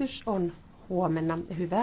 lähetys on huomenna. Hyvää